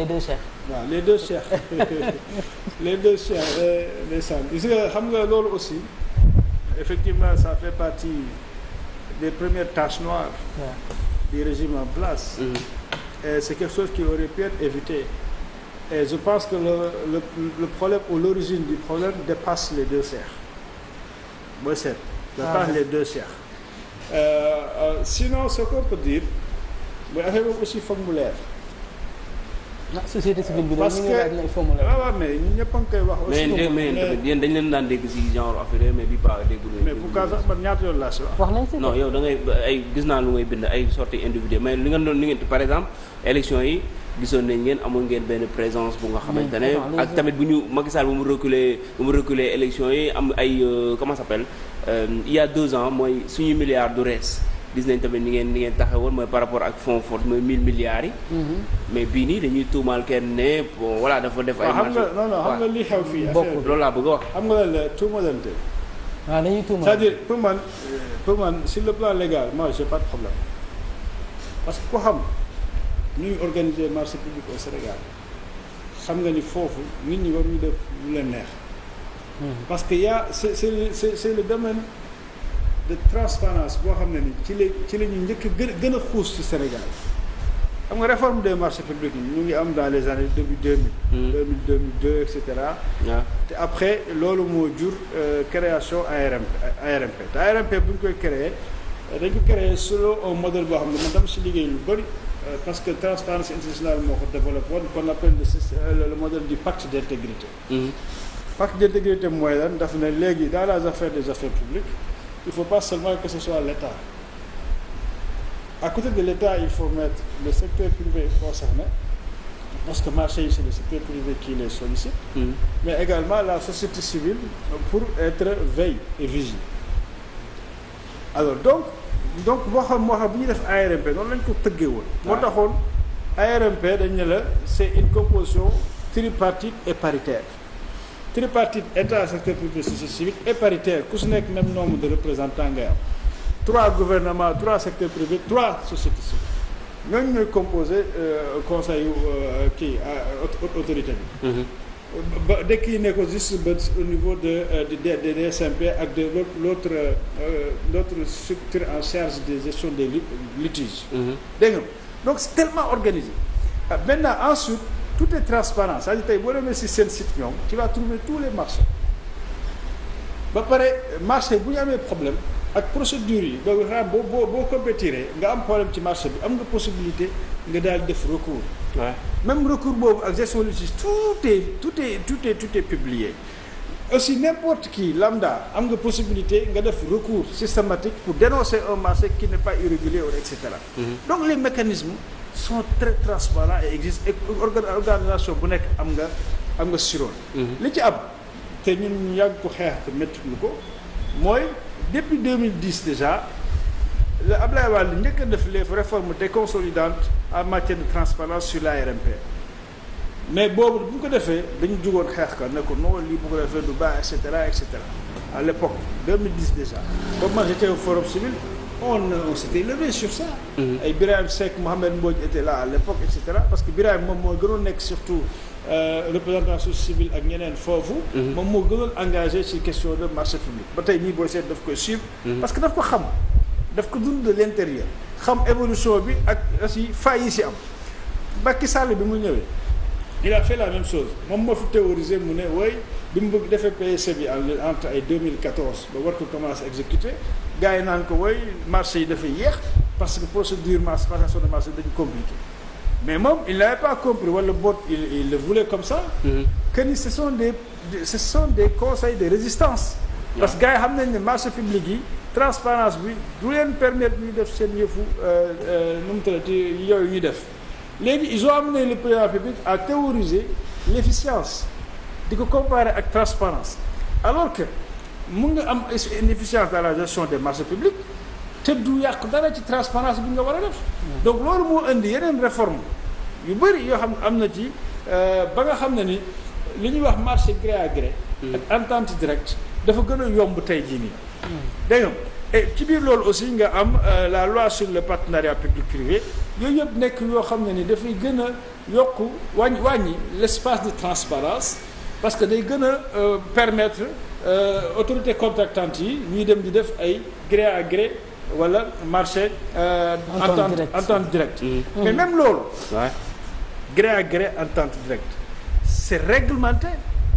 les deux chefs. waaw les deux chefs les deux chefs ndeysaan euh, gis nga xam nga loolu aussi effectivement ça fait partie des premières tâches noires ouais. du régime en place mm -hmm. et c'est quelque chose qui aurait évité et je pense que le le, le problème ou l'origine du problème dépasse les deux chefs les ah, deux chefs euh, euh, sinon ce qu'on peut dire mooy affaire aussi formulaire société civile bi parce que ah waaw koy wax. aussi dañ leen daan dégg si si wax. wax nañ si non yow da gis naa lu ngay bind ay sorties individuelles mais li nga doon li ngeen par exemple élection yi gisoon nañ ngeen amoon ngeen benn présence bu nga xamante ne ak tamit bu ñu Macky Sall bu mu reculer bu mu reculer élection yi am ay euh, comment ça s'appelle euh, il y a deux ans mooy suñu milliards du rees. gis nañ tamit ni ngeen ni ngeen taxawoon mooy par rapport ak fonds force mooy 1000 milliards yi. Mm-hmm. mais bii nii dañuy tuumaal kenn ne bon voilà dafa def. ay marché non non xam nga li xew fii. bokkul loolu laa bëgg a wax. xam nga la tuumalante. waaw ah, dañuy tuumal c'est-à-dire pour man pour le plan légal moi j'ai pas parce que ku xam ñuy organiser marché public au Sénégal xam nga ni foofu nit ñi war ñu def lu leen neex. Mm-hmm. parce que y c'est c'est c'est le domaine. de transparence boo xam ne ni ci la ci la ñu njëkk gën gën a xuus ci Sénégal xam nga réforme des marchés publics yi ngi am dans les années début deux mille hmm. deux mille deux te après loolu moo jur euh, création ARMP ARMP te ARMP bu ñu koy créé dañ ko créé selon un modèle boo xam ne man dama si liggéey lu bëri euh, parce que transparence internationale moo ko développé woon qu'on appelle le euh, le modèle du pacte d' intégrité hmm. pacte d' intégrité mooy lan daf ne léegi dans les affaires des affaires publiques il faut pas seulement que ce soit l'État à côté de l'État il faut mettre le secteur privé concerné parce que marché yi c'est le secteur privé qui les sollicite mm. mais également la société civile pour être veille et vigie alors donc donc moo xam moo xam bu ñu def ARMP noonu lañ ko tëggee woon ah. moo taxoon ARMP dañ ne la c'est une composition tripartite et paritaire tripartite état secteur privé société civile et paritaire ku si nekk même nombre de représentants ngay am trois gouvernements trois secteurs privés trois sociétés civiles ñooñu ñooy composé euh, conseil yu euh, kii euh, autorité bi. Mhm. ba dëkk yi ne ko juste ba niveau de de de DSMP ak de l' autre l' autre structure en charge des gestion des litiges. Mhm. dégg nga donc c' tellement organisé ah, maintenant ensuite. tout est transparent cest à si seen site ñoom ci vas trouver tous les marchés ba pare marché bu ñu amee problème ak procédure yi bo xam boo boo boo compétiree nga am problème ci marché bi am nga possibilité nga daal def recours même recours boobu ak gestion litige tout est tout est toute est tout est publié aussi n'importe qui lambda am nga possibilité nga def recours systématique pour dénoncer un marché qui n'est pas irrégulier wala et cetera mm-hmm. donc les mécanismes sont très transparents et existent et organisation bu nekk am nga am nga sirool mhm. li ci ab te ñun yàgg ko xeex te métti lu ko mooy depuis 2010 déjà la Ablaye Wade njëkk a def les réformes déconsolidantes en matière de transparence sur l'ARMP mais boobu bu ko defee dañu jugoon xeex ka ne ko non lii bu ko defee du baax et cetera et cetera à l'époque 2010 déjà comme man j'étais au forum civil on, on euh, s'était levé sur ça. ay mhm. Birahim Seck Mohamed Mbodj était là à l'époque et parce que Birahim moom moo gënoon nekk surtout euh, représentant société civile ak ñeneen foofu. Mhm. moom moo gënoon engagé ci question de marché public. ba tey nii booy seet daf ko suivre. Mhm. parce que daf ko xam daf ko dund de l'intérieur xam évolution bi ak aussi failles yi si am. Macky Sall bi muy ñëwee il a fait la même chose moom moo fi mu ne wooy bi mu bëgg defee PSE bi en entre ay 2014 ba war ko commencé exécuter gars yi naan ko woy marché yi dafay yéex parce que procédure marché passation de marché dañu compliqué mais moom il n'avait pas compris wala boot il le voulait comme ça mm-hmm. que ni ce sont des ce des conseils de résistance parce que gars yi xam nañ ne marché public yi transparence bi du leen permettre ñu def seen yëfu euh, euh, nu mu talati yooyu ñu def léegi ils ont amené le président à théoriser l'efficience di ko comparer ak transparence alors que mun nga am inefficience dans la gestion des marchés publics te du yàq dara ci transparence bi nga war a def donc loolu moo indi yeneen réforme yu bëri yoo xam ne am na ci euh, ba nga xam ne ni li ñuy wax marché gré à gré hmm. ak entente directe dafa gën a yomb tey jii nii hmm. dégg ci biir loolu aussi nga am euh, la loi sur le partenariat public privé yooyu yëpp nekk yoo xam ne ni dafay gën a yokk wàññi wàññi l' espace de transparence parce que day gën a euh, permettre euh, autorité contractante yi ñuy dem di def ay gré à gré wala marché euh, entente entente directe mm. mais mm-hmm. même loolu gré à gré entente directe c'est réglementé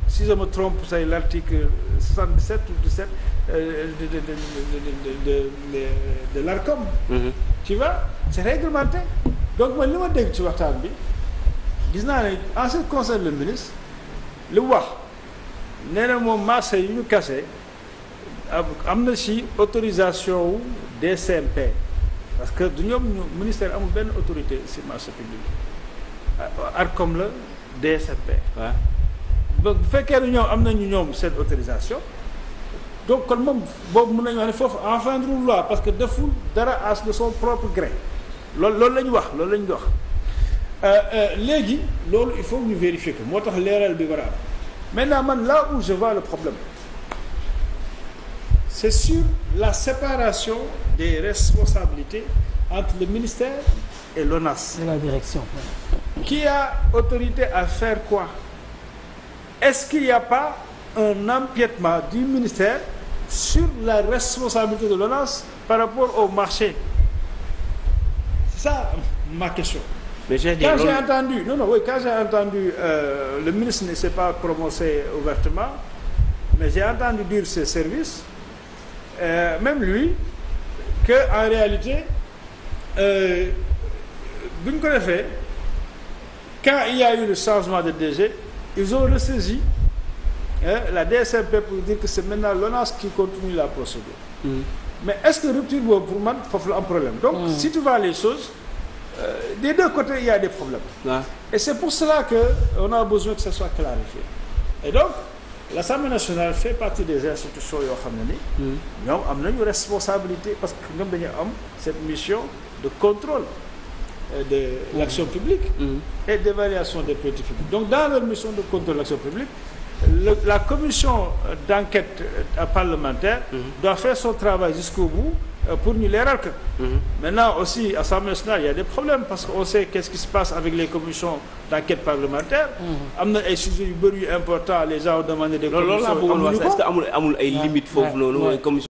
si je me trompe c'est l'article 77 ou 17 de de de de de l'ARCOM mm-hmm. tu vois c'est réglementé donc man li ma dégg ci waxtaan bi gis naa ne en ce qui concerne le ministre li wax nee na moom marché yu ñu kase am na si autorisation wu DCMP parce que du ñoom ñu ministère amul benn autorité ci marché public ARCOM la DCMP waaw donc bu fekkee ne ñoom am nañu ñoom seen autorisation donc kon moom boobu mun nañu wax ne foofu enfreindre loi parce que deful dara as de son propre gré loolu loolu la ñu wax loolu la ñu wax Euh, euh, léegi loolu il faut ñu vérifier ko moo tax leeral bi war maintenant man là où je vois le problème c'est sur la séparation des responsabilités entre le ministère et l'ONAS. et la qui a autorité à faire quoi est-ce qu'il n'y a pas un empiètement du ministère sur la responsabilité de l'ONAS par rapport au marché c'est ça ma question. mais j'ai dit quand j'ai entendu non non oui quand j'ai entendu euh, le ministre ne s'est pas prononcé ouvertement mais j'ai entendu dire ses services euh, même lui que en réalité euh, bu ñu ko defee quand il y a eu le changement de DG ils ont ressaisi eh, la DSMP pour dire que c'est maintenant l'ONAS qui continue la procédure mm. mais est-ce que rupture boobu pour man foofu la am problème donc mm. si tu vois les choses Euh, des deux côtés il y a des problèmes. Et c'est pour cela que on a besoin que ça soit clarifié. Et donc l'Assemblée nationale fait partie des institutions yoo xam ne ni. Hmm. ñoom am nañu responsabilité parce que ñoom dañu am cette mission de contrôle. Euh, de mmh. l'action publique. Hmm. et d'évaluation des politiques publiques. donc dans leur mission de contrôle de l'action publique. Le, la commission d'enquête euh, parlementaire. Mmh. doit faire son travail jusqu'au bout. Euh, pour ñu leeral que mhm. maintenant aussi Assemblée nationale il y a des problèmes parce que on sait qu'est-ce qui se passe avec les commissions d'enquête parlementaire mhm. am na ay sujets yu bëri yu les gens ont demandé des commissions loolu laa bëggoon que amul amul commission